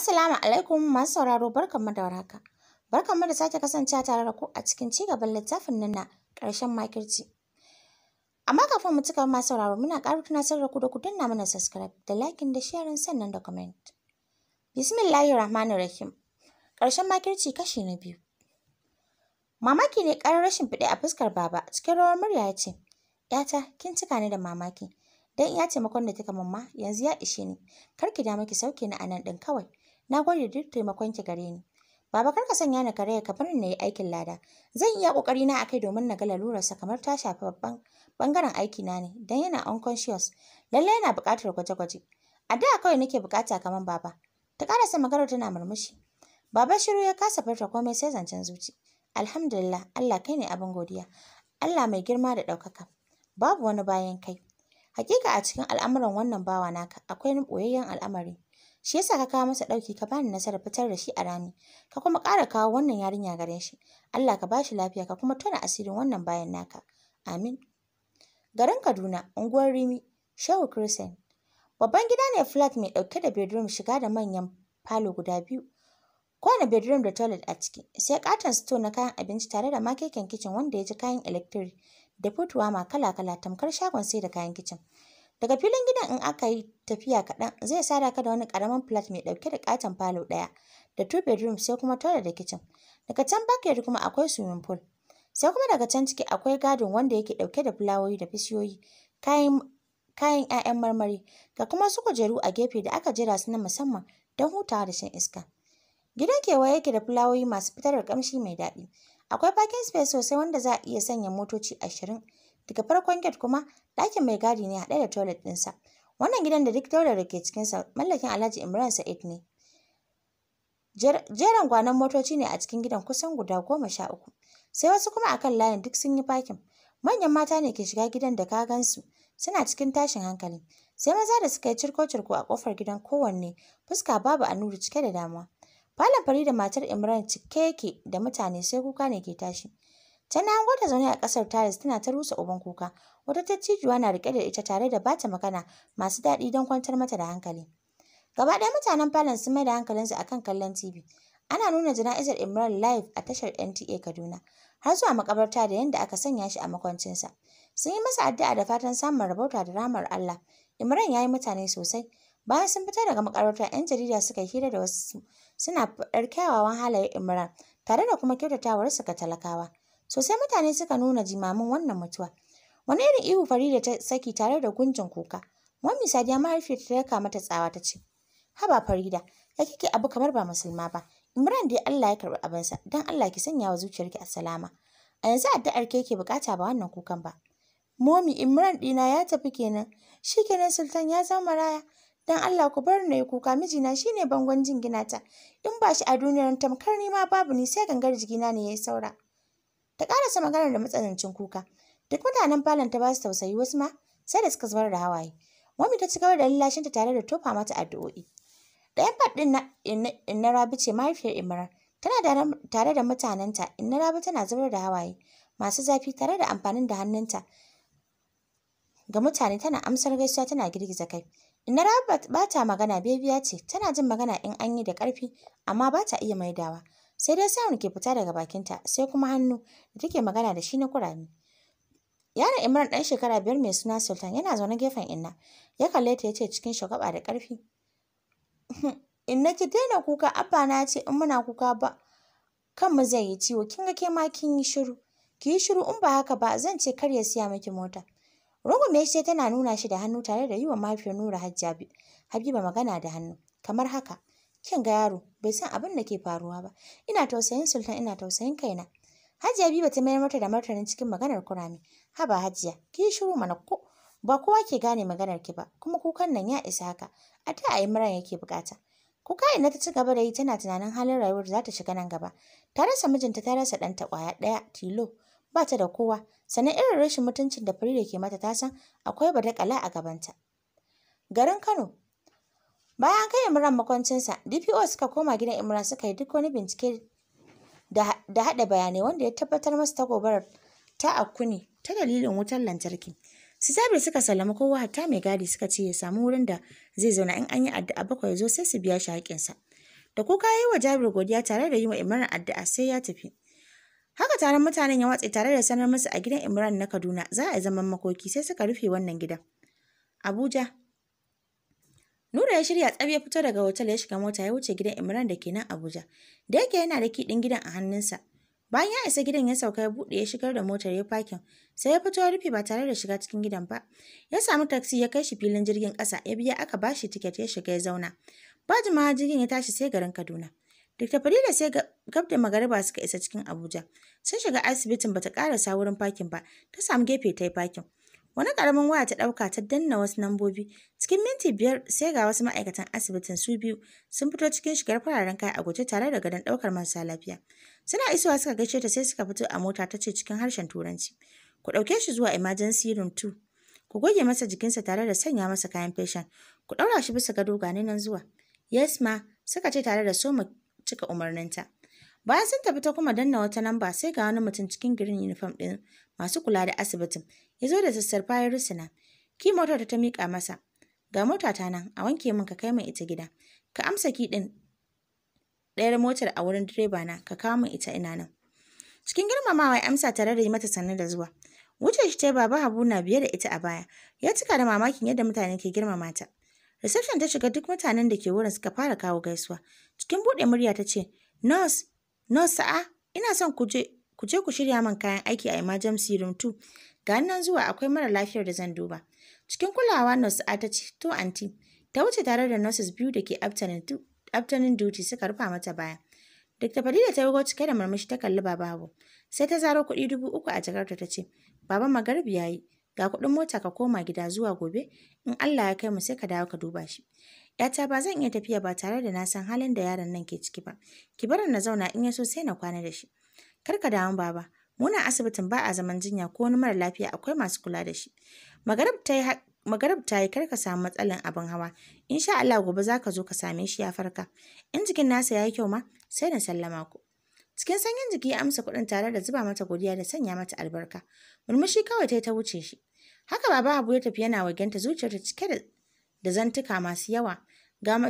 Assalamu alaikum masu sauraro barkanmu da warhaka. Barkanmu da sake kasancewa tare da ku a cikin cigaban littafin nan na ƙarshen makirci. Amma kafin mu cika masu sauraro muna ƙara tunasar da ku da ku danna mana subscribe da likin da sharing sannan da comment. Bismillahir Rahmanir Rahim. Ƙarshen makirci kashi na biyu. Mamaki ne ƙarar rashin fiɗe a fuskar baba cikin rawar murya ya ce, ‘Yata, kin cika ni da mamaki, Dan iya taimakon da kika mamma yanzu ya ishe ni, kar ki da ki sauke ni a nan din kawai. Na gode duk taimakon ki gare ni. Baba kar ka sanya ni kare ka bar ni na yi aikin lada. Zan iya kokari na akai domin na ga sa kamar ta shafi babban bangaren aiki na ne dan yana unconscious. Lalle yana buƙatar gwaje-gwaje. A da kawai nake buƙata kamar baba. Ta karasa magana tana murmushi. Baba shiru ya kasa furta komai sai zancen zuci. Alhamdulillah Allah kai ne abin godiya. Allah mai girma da ɗaukaka. Babu wani bayan kai. Hakika a cikin al'amuran wannan bawa naka akwai ɓoyayyen al'amari. shi yasa ka kawo masa ɗauki ka bani nasarar fitar da shi a rami ka kuma ƙara kawo wannan yarinya gare shi Allah ka bashi lafiya ka kuma tona asirin wannan bayan naka amin garin Kaduna unguwar Rimi Shehu Christian babban gida ne flat mai ɗauke da bedroom shiga da manyan falo guda biyu kowane bedroom da toilet a ciki sai katon store na kayan abinci tare da makeken kicin wanda ya ji kayan electric da fitowa ma kala-kala tamkar shagon sai da kayan kicin Daga filin gidan in aka yi tafiya kaɗan zai sada ka da wani ƙaramin flat mai ɗauke da ƙaton falo ɗaya da two bedroom sai kuma toilet da kitchen. Daga can backyard kuma akwai swimming pool. Sai kuma daga can ciki akwai gadon wanda yake ɗauke da fulawoyi da bishiyoyi, kayan kayan 'ya'yan marmari ga kuma su kujeru a gefe da aka jira su na musamman don hutawa da shan iska. Gidan kewaye yake da fulawoyi masu fitar da ƙamshi mai daɗi. Akwai parking space sosai wanda za a iya sanya motoci ashirin Daga farkon gate kuma ɗakin mai gadi ne haɗe da toilet ɗinsa. Wannan gidan da duk daular da ke cikinsa mallakin Alhaji Imran Sa'id ne. Jeran gwanon motoci ne a cikin gidan kusan guda goma sha uku. Sai wasu kuma akan layin duk sun yi fakin. Manyan mata ne ke shiga gidan da ka gansu suna cikin tashin hankali. Sai maza da suka yi cirko-cirko a ƙofar gidan kowanne fuska babu nuru cike da damuwa. Falon fari da matar Imran cike yake da mutane sai kuka ne ke tashi. Tana hango ta zaune a ƙasar Taris tana ta rusa uban kuka. Wata tattijuwa na rike da ita tare da bata magana masu daɗi don kwantar mata da hankali. Gaba ɗaya mutanen falon sun mai da hankalinsu akan kallon TV. Ana nuna jana'izar Imran live a tashar NTA Kaduna har zuwa makabarta da yadda aka sanya shi a makwancinsa. Sun yi masa addu'a da fatan samun rabauta da ramar Allah. Imran ya yi mutane sosai. Bayan sun fita daga makarantar, 'yan jarida suka yi hira da wasu suna faɗar kyawawan halayen Imran tare da kuma kyautatawarsa ga talakawa. Sosai mutane suka nuna jimamin wannan mutuwa. Wani irin ihu Farida ta saki tare da gunjin kuka. Mami Sadiya mahaifiyarta ta daka mata tsawa ta ce, Haba Farida, ya kike abu kamar ba musulma ba. Imran dai Allah ya karɓi abinsa, don Allah ki sanya wa zuciyarki a salama. A yanzu addu'ar ke ke bukata ba wannan kukan ba. Momi Imran dina ya tafi kenan, shi kenan Sultan ya zama maraya. dan Allah ku bar na kuka mijina shine jin jingina ta. In ba shi a duniyar tamkar ni babu ni sai gangar jigina ne ya saura. Ta ƙarasa maganar da matsanancin kuka. Duk mutanen falon ta ba su tausayi wasu ma sai da suka zubar da hawaye. Mami ta ci gaba da lallashinta tare da tofa mata addu'o'i. Ɗayan fat ɗin inna Rabi ce mahaifiyar Imran. Tana tare da mutanenta, Inna Rabi tana zubar da hawaye masu zafi tare da amfanin da hannunta ga mutane tana amsar gaisuwa tana girgiza kai. Inna Rabi ba ta magana bebiya ce, tana jin magana in an yi da ƙarfi amma ba ta iya maidawa. sai dai sound ke fita daga bakinta sai kuma hannu da take magana da shi na kurami. yaron imran ɗan shekara biyar mai suna sultan yana zaune gefen inna ya kalle ta ya ce cikin shagwaba da ƙarfi uhm, inna ki daina kuka abba na ce in muna kuka ba kanmu zai yi ciwo kin ga ke ma kin yi shiru ki yi shiru in ba haka ba zan ce kar ya siya miki mota rungume shi tana nuna shi da hannu tare da yi wa mahaifiyar nura hajjabi habiba magana da hannu kamar haka Kin ga yaro bai san abin da ke faruwa ba. Ina tausayin Sultan ina tausayin kaina. Hajiya biyu ta mayar mata da martanin cikin maganar kurame. Haba Hajiya, ki shiru mana ko ba kowa ke gane maganar ki ba kuma kukan nan ya isa haka. A ta ayi muran yake bukata. Kuka ina ta ci gaba da yi tana tunanin halin rayuwar za ta shiga nan gaba. Ta rasa mijinta ta rasa ɗanta ƙwaya ɗaya tilo. Ba ta da kowa, sannan irin rashin mutuncin da Farida ke mata ta san akwai badakala a gabanta. Garin Kano Bayan kai Imran makwancinsa, DPO suka koma gidan Imran suka yi duk wani bincike da haɗa bayanai wanda ya tabbatar masa ta gobarar ta a kunne. ta dalilin wutar lantarki. Su zabe suka sallama kowa hatta mai gadi suka ce ya samu wurin da zai zauna in an yi addu'a bakwai zo sai su biya shi haƙƙinsa. Da kuka yi wa Jabir godiya tare da yi wa Imran addu'a sai ya tafi. Haka taron mutanen ya watse tare da sanar musu a gidan Imran na Kaduna za a yi zaman makoki sai suka rufe wannan gidan. Abuja Nura ya shirya tsabi ya fito daga hotel ya shiga mota ya wuce gidan Imran da ke nan Abuja. Da yake yana da kiɗin gidan a hannunsa. Bayan ya isa gidan ya sauka ya buɗe ya shigar da motar ya fakin. Sai ya fito ya rufe ba tare da shiga cikin gidan ba. Ya samu taksi ya kai shi filin jirgin ƙasa ya biya aka ba shi tiket ya shiga ya zauna. Ba jimawa jirgin ya tashi sai garin Kaduna. Dr. Farida sai gab da magariba suka isa cikin Abuja. Sun shiga asibitin bata ƙarasa wurin fakin ba. Ta samu gefe ta yi fakin. Wani ƙaramin waya ta ɗauka ta danna wasu nambobi. Cikin minti biyar sai ga wasu ma'aikatan asibitin su biyu sun fito cikin shigar fararen kai, a guje tare da gadon ɗaukar marasa lafiya. Suna isowa suka gaishe ta sai suka fito a mota ta ce cikin harshen Turanci. Ku ɗauke shi zuwa emergency room 2. Ku goge masa jikinsa tare da sanya masa kayan feshin. Ku ɗaura shi bisa gado gani nan zuwa. Yes ma suka ce tare da soma cika umarninta. Bayan sun tafi ta kuma danna wata lamba sai ga wani mutum cikin girin uniform ɗin masu kula da asibitin ya zo da sassarfa ya rusuna. Ki motar ta miƙa masa. Ga motata ta nan, a wanke min ka kai min ita gida. Ka amsa ki ɗin ɗayar motar a wurin direba na, ka kawo min ita ina nan. Cikin girmamawa ya amsa tare da yi mata sannu da zuwa. Wuce shi ta yi baba Habu na biye da ita a baya. Ya cika da mamakin yadda mutane ke girmama ta. Reception ta shiga duk mutanen da ke wurin suka fara kawo gaisuwa. Cikin buɗe murya ta ce, Nurse, nurse sa'a, ina son ku je ku shirya min kayan aiki a emergency room 2. Ga nan zuwa akwai mara lafiyar da zan duba. Cikin kulawa Nurse A ta ce, To anti, ta wuce tare da nurses biyu da ke afternoon duty suka rufa mata baya. Dr. Fadila ta wugo cike da murmushi ta kalli Baba Habu. Sai ta zaro kuɗi dubu uku a jakarta ta ce, Baba Magarbi ya yi, ga kuɗin mota ka koma gida zuwa gobe, in Allah ya kai mu sai ka dawo ka duba shi. ‘Yata ba zan iya tafiya ba tare da na san halin da yaron nan ke ciki ba. Ki bari na zauna in ya so sai na kwana da shi. Kar ka damu baba, Muna asibitin ba a zaman jinya ko wani mara lafiya akwai masu kula da shi. Magarab ta yi kar ka samu matsalan abin hawa. In sha Allah gobe za ka zo ka same shi ya farka. In jikin nasa ya yi kyau ma sai na sallama ku. Cikin sanyin jiki ya amsa kuɗin tare da zuba mata godiya da sanya mata albarka. Murmushi kawai ta yi ta wuce shi. Haka baba Habu ya tafi yana wagenta zuciyarta cike da da zantuka masu yawa. Ga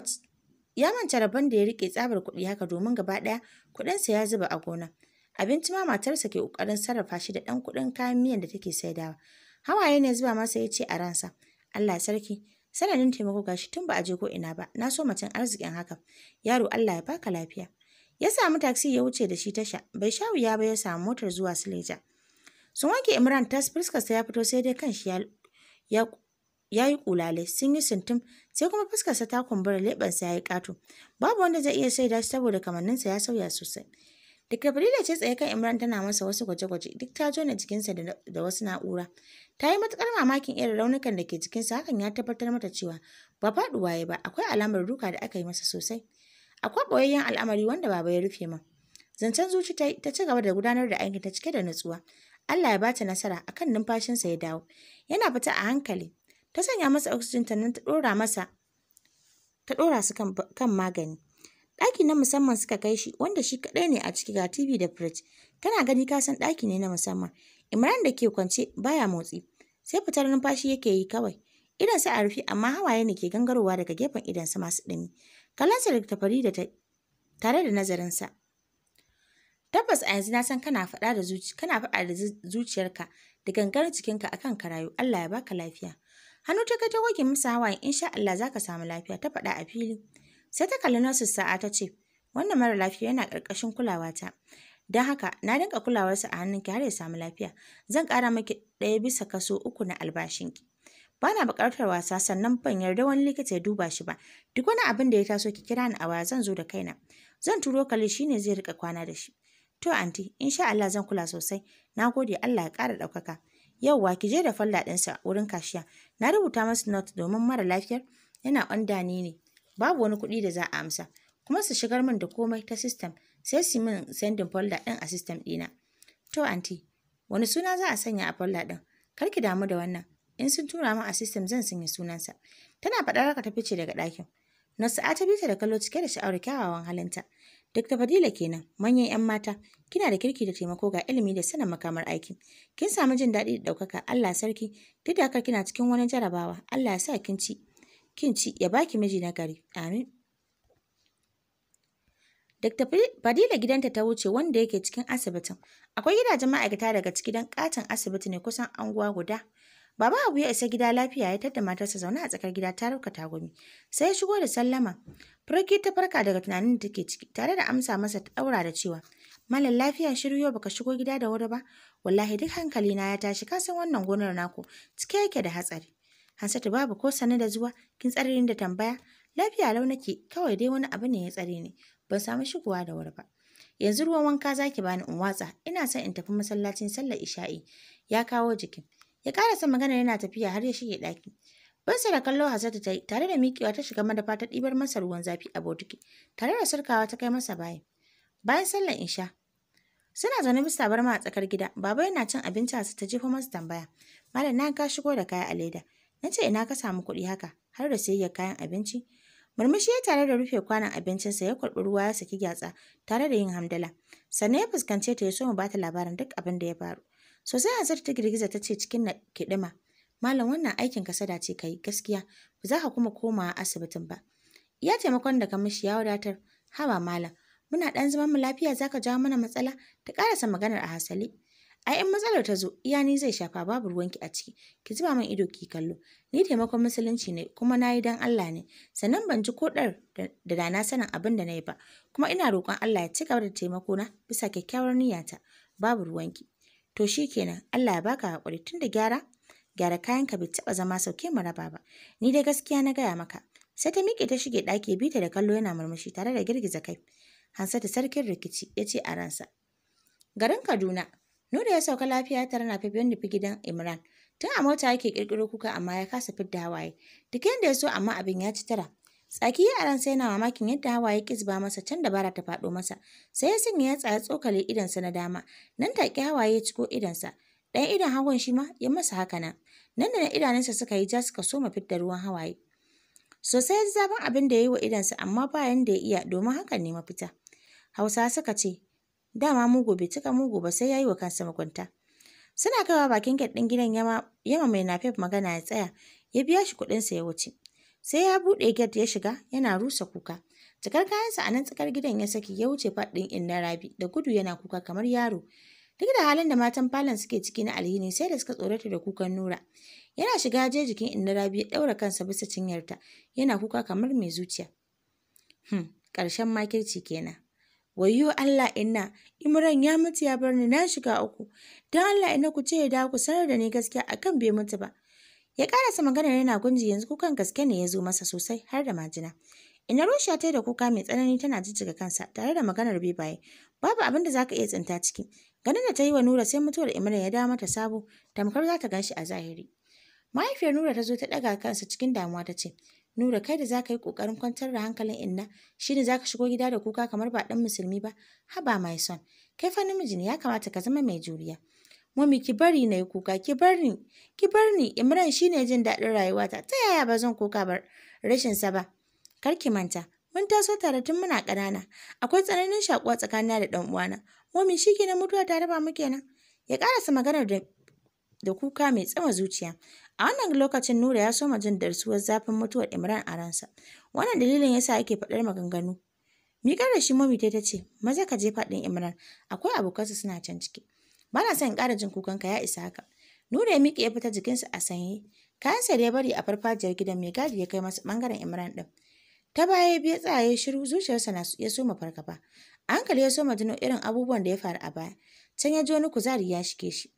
ya manta rabon da ya riƙe tsabar kuɗi haka domin gaba ɗaya kuɗinsa ya zuba a gona. Abinci ma matarsa ke ƙoƙarin sarrafa shi da ɗan kuɗin kayan miyan da take saidawa. Hawaye ne zuba masa ya ce a ransa, Allah sarki, sanadin taimako gashi tun ba a je ko ina ba, na so macen arzikin haka. Yaro Allah ya baka lafiya. Ya samu taksi ya wuce da shi tasha, bai sha wuya ba ya samu motar zuwa sileja Sun wanke Imran tas fuskarsa ya fito sai dai kanshi ya ya ya yi kulale sun yi sintim sai kuma fuskarsa ta kumbura leɓensa ya yi ƙato babu wanda zai iya shaida shi saboda kamanninsa ya sauya sosai Da Farida ce tsaye kan Imran tana masa wasu gwaje-gwaje duk ta jona jikinsa da wasu na'ura. Ta yi matuƙar mamakin irin raunukan da ke jikinsa hakan ya tabbatar mata cewa ba faɗuwa ya ba akwai alamar duka da aka yi masa sosai. Akwai ɓoyayyen al'amari wanda baba ya rufe ma Zancen zuci ta ta ci gaba da gudanar da aiki ta cike da nutsuwa. Allah ya bata nasara akan numfashinsa ya dawo. Yana fita a hankali. Ta sanya masa oxygen ta nan ta ɗora masa ta ɗora su kan magani. Ɗaki na musamman suka kai shi wanda shi kaɗai ne a ciki ga TV da fridge. Kana gani ka san ɗaki ne na musamman. Imran da ke kwance baya motsi. Sai fitar numfashi yake yi kawai. idan sa a rufe amma hawaye ne ke gangarowa daga gefen idan su masu ɗumi. sa da tafari da ta tare da nazarinsa. Tabbas a yanzu na san kana faɗa da zuci kana faɗa da zuciyarka da gangar cikinka akan karayu Allah ya baka lafiya. Hannu ta kai ta goge masa hawaye insha Allah zaka samu lafiya ta faɗa a fili. Sai ta kalli nurses sa'a ta ce, wannan mara lafiya yana ƙarƙashin kulawata. Don haka, na dinka kulawarsa a hannunki har ya samu lafiya. Zan ƙara miki ɗaya bisa kaso uku na albashinki. Ba na buƙatar wasa sannan ban yarda wani likita ya duba shi ba. Duk wani abin da ya taso ki kira ni a waya zan zo da kaina. Zan turo kali shi ne zai rika kwana da shi. To anti, insha Allah zan kula sosai. Na gode Allah ya ƙara ɗaukaka. Yauwa ki je da falla ɗinsa wurin kashiya. Na rubuta masa not domin mara lafiyar yana on ne. babu wani kuɗi da za a amsa kuma su shigar min da komai ta system sai su min sendin folder ɗin a system ɗina. To anti, wani suna za a sanya a folder ɗin? Kar ki damu da wannan. In sun tura min a system zan sanya sunansa. Tana faɗar haka ta fice daga ɗakin. Sa'a ta bi ta da kallo cike da sha'awar kyawawan halinta. Duk ta Fadila kenan, manyan 'yan mata, kina da kirki da taimako ga ilimi da sanin makamar aiki. Kin samu jin daɗi da ɗaukaka, Allah sarki, duk da haka kina cikin wani jarabawa, Allah ya sa kin ci kin ci ya baki miji na gari amin Dr. Fadila gidanta ta wuce wanda yake cikin asibitin. Akwai gidajen ma'aikata daga cikin katin asibiti ne kusan anguwa guda. Baba Abu ya isa gida lafiya ya tadda matarsa zaune a tsakar gida ta rauka tagumi. Sai ya shigo da sallama. Farki ta farka daga tunanin da take ciki tare da amsa masa ta daura da cewa Malam lafiya shiryo baka shigo gida da wuri ba. Wallahi duk hankali na ya tashi kasan wannan gonar naku cike yake da hatsari. Hansatu babu ko sane da zuwa, kin tsare da tambaya. Lafiya lau nake, kawai dai wani abu ne ya tsare ni. Ban samu shigowa da wuri ba. Yanzu ruwan wanka zaki bani in watsa, ina son in tafi masallacin sallar isha'i. Ya kawo jikin. Ya karasa magana yana tafiya har ya shige ɗaki. sa da kallo Hansatu ta yi, tare da miƙewa ta shiga madafa ta ɗibar masa ruwan zafi a botiki, tare da sarkawa ta kai masa bayan. Bayan sallar isha, suna zaune bisa barma a tsakar gida, baba yana cin abinci a su ta jefa masa tambaya. Malam na ka shigo da kaya a leda. Na ce ina ka samu kuɗi haka har da siyayyar kayan abinci. Murmushi ya tare da rufe kwanon abincinsa ya kurɓi ruwa ya saki gyatsa tare da yin hamdala. Sannan ya fuskance ta ya so mu bata labarin duk abin da ya faru. Sosai a ta girgiza ta ce cikin kiɗima. Malam wannan aikin kasada ce ka yi gaskiya ba za ka kuma komawa asibitin ba. Ya taimakon da ka mishi ya wadatar. Haba malam muna ɗan zaman mu lafiya za ka jawo mana matsala ta karasa maganar a hasali. A ‘yan matsalar ta zo, iya zai shafa babu ruwanki a ciki, ki zuba min ido ki kallo. Ni taimakon musulunci ne kuma na yi don Allah ne, sannan ban ji koɗar da da na sanin abin da na yi ba, kuma ina roƙon Allah ya ci gaba da taimakona bisa kyakkyawar niyyata, babu ruwanki. To shi kenan, Allah ya baka haƙuri tun da gyara, gyara ka bai taɓa zama sauke maraba raba ba. Ni dai gaskiya na gaya maka. Sai ta miƙe ta shige ɗaki bita da kallo yana murmushi tare da girgiza kai. ta sarkin rikici ya ce a ransa. Garin Kaduna, Nura ya sauka lafiya tare na fifin nufi gidan Imran. Tun a mota yake kirkiro kuka amma ya kasa fidda hawaye. Duk yadda ya so amma abin ya ci tara. Tsaki ya aran sai yana mamakin yadda hawaye ƙizba masa can da bara ta faɗo masa. Sai ya sanya ya tsaya tsokale idonsa na dama. Nan take hawaye ya ciko idonsa. Ɗan idon hagun shi ma ya masa haka nan. Nan da na idanunsa suka yi ja suka soma fidda ruwan hawaye. Sosai ya ji zafin abin da ya yi wa idonsa amma ba yanda ya iya domin hakan ne mafita. Hausa suka ce Dama mugu bai cika mugu ba sai ya yi wa kansa mugunta. Suna kaiwa bakin gate ɗin gidan yama, yama mai nafef magana ya tsaya, ya biya shi kuɗinsa ya wuce. Sai ya buɗe gate ya shiga yana rusa kuka. Cikar kayansa a nan tsakar gidan ya saki ya wuce faɗin inna rabi da gudu yana kuka kamar yaro. Duk da halin da matan falon suke ciki na alhini sai da suka tsorata da kukan Nura. Yana shiga je jikin inna rabi ya ɗaura kansa bisa cinyarta yana kuka kamar mai zuciya. Hmm, ƙarshen makirci kenan. Wayyo Allah inna, Imran ya mutu ya bar ni na shiga uku. dan Allah ina ku ce ya ku sanar da ni gaskiya akan bai mutu ba. Ya karasa magana yana gunji yanzu kukan gaske ne ya zo masa sosai har da majina. Ina rusha ta da kuka mai tsanani tana jijjiga kansa tare da maganar bebaye. Babu abin da zaka iya tsinta ciki. Ganin da ta yi wa Nura sai mutuwar Imran ya da mata sabo, tamkar za ta gashi a zahiri. Mahaifiyar Nura ta zo ta ɗaga kansa cikin damuwa ta ce, Nura kai da za ka yi ƙoƙarin kwantar da hankalin inna shi ne za ka shigo gida da kuka kamar ba ɗan musulmi ba. Haba mai son, kai fa namiji ne ya kamata ka zama mai juriya. Mami ki bari na yi kuka, ki bar ni, ki bar Imran shi ne jin daɗin rayuwata, ta yaya ba zan kuka bar rashinsa ba. Kar ki manta, mun taso tare tun muna ƙanana, akwai tsananin shakuwa tsakanina da ɗan uwana. Mami shi ke na mutuwa ta raba mu kenan. Ya ƙarasa maganar da da kuka mai tsama zuciya. A wannan lokacin Nura ya soma jin darsuwar zafin mutuwar Imran a ransa. Wannan dalilin yasa ake faɗar maganganu. Miƙar da shi momi ta ce, maza ka je faɗin Imran, akwai abokansa suna can ciki. Ba na son ƙara jin kukan ka ya isa haka. Nura ya miƙe ya fita jikinsa a sanye. Kayansa da ya bari a farfajiyar gidan mai gadi ya kai masa ɓangaren Imran ɗin. Ta baya ya biya tsaye shiru zuciyarsa na ya soma fargaba. A hankali ya soma jino irin abubuwan da ya faru a baya. Can ya ji wani kuzari ya shige shi.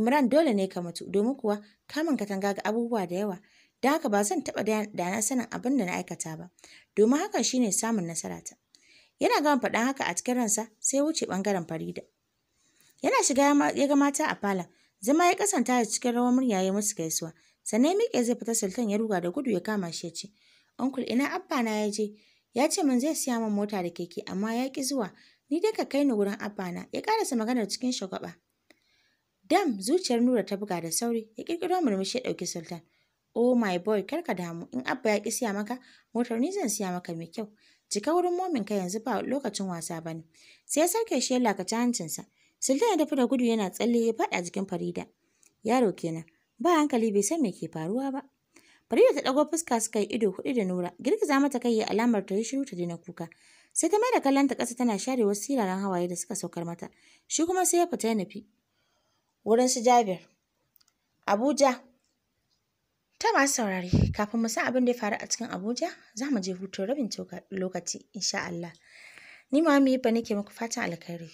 Imran dole ne ka mutu domin kuwa kamun katanga ga abubuwa da yawa. Da haka ba zan taɓa da na sanin abin da na aikata ba, domin shi shine samun nasara ta. Yana gama faɗan haka a cikin ransa sai wuce ɓangaren Farida. Yana shiga ya ga mata a falon, zama ya kasanta da cikin rawar murya ya musu gaisuwa. Sannan miƙe zai fita Sultan ya ruga da gudu ya kama shi ya ce, Uncle ina abba na ya je, ya ce min zai siya min mota da keke amma ya ki zuwa, ni dai ka kai ni wurin abba na, ya karasa maganar cikin shagwaba Dam zuciyar Nura ta buga da sauri ya kirkiro murmushi ya ɗauki Sultan. Oh my boy kar ka damu in Abba ya ƙi siya maka motar ni zan siya maka mai kyau. Jika wurin momin ka yanzu ba lokacin wasa ba ne. Sai ya sauke shi ya lakaci hancinsa. Sultan ya tafi da gudu yana tsalle ya faɗa jikin Farida. Yaro kenan ba hankali bai san me ke faruwa ba. Farida ta ɗago fuska suka yi ido huɗu da Nura, girgiza mata kai ya alamar ta yi shiru ta daina kuka. Sai ta mai da ta ƙasa tana share wasu siraran hawaye da suka saukar mata. Shi kuma sai ya fita ya nufi. wurin su Jabir. Abuja. Ta masu saurari kafin mu san abin da ya faru a cikin Abuja, za mu je hutun rabin lokaci, insha Allah. Ni ma mu yi nake muku fatan alkhairi.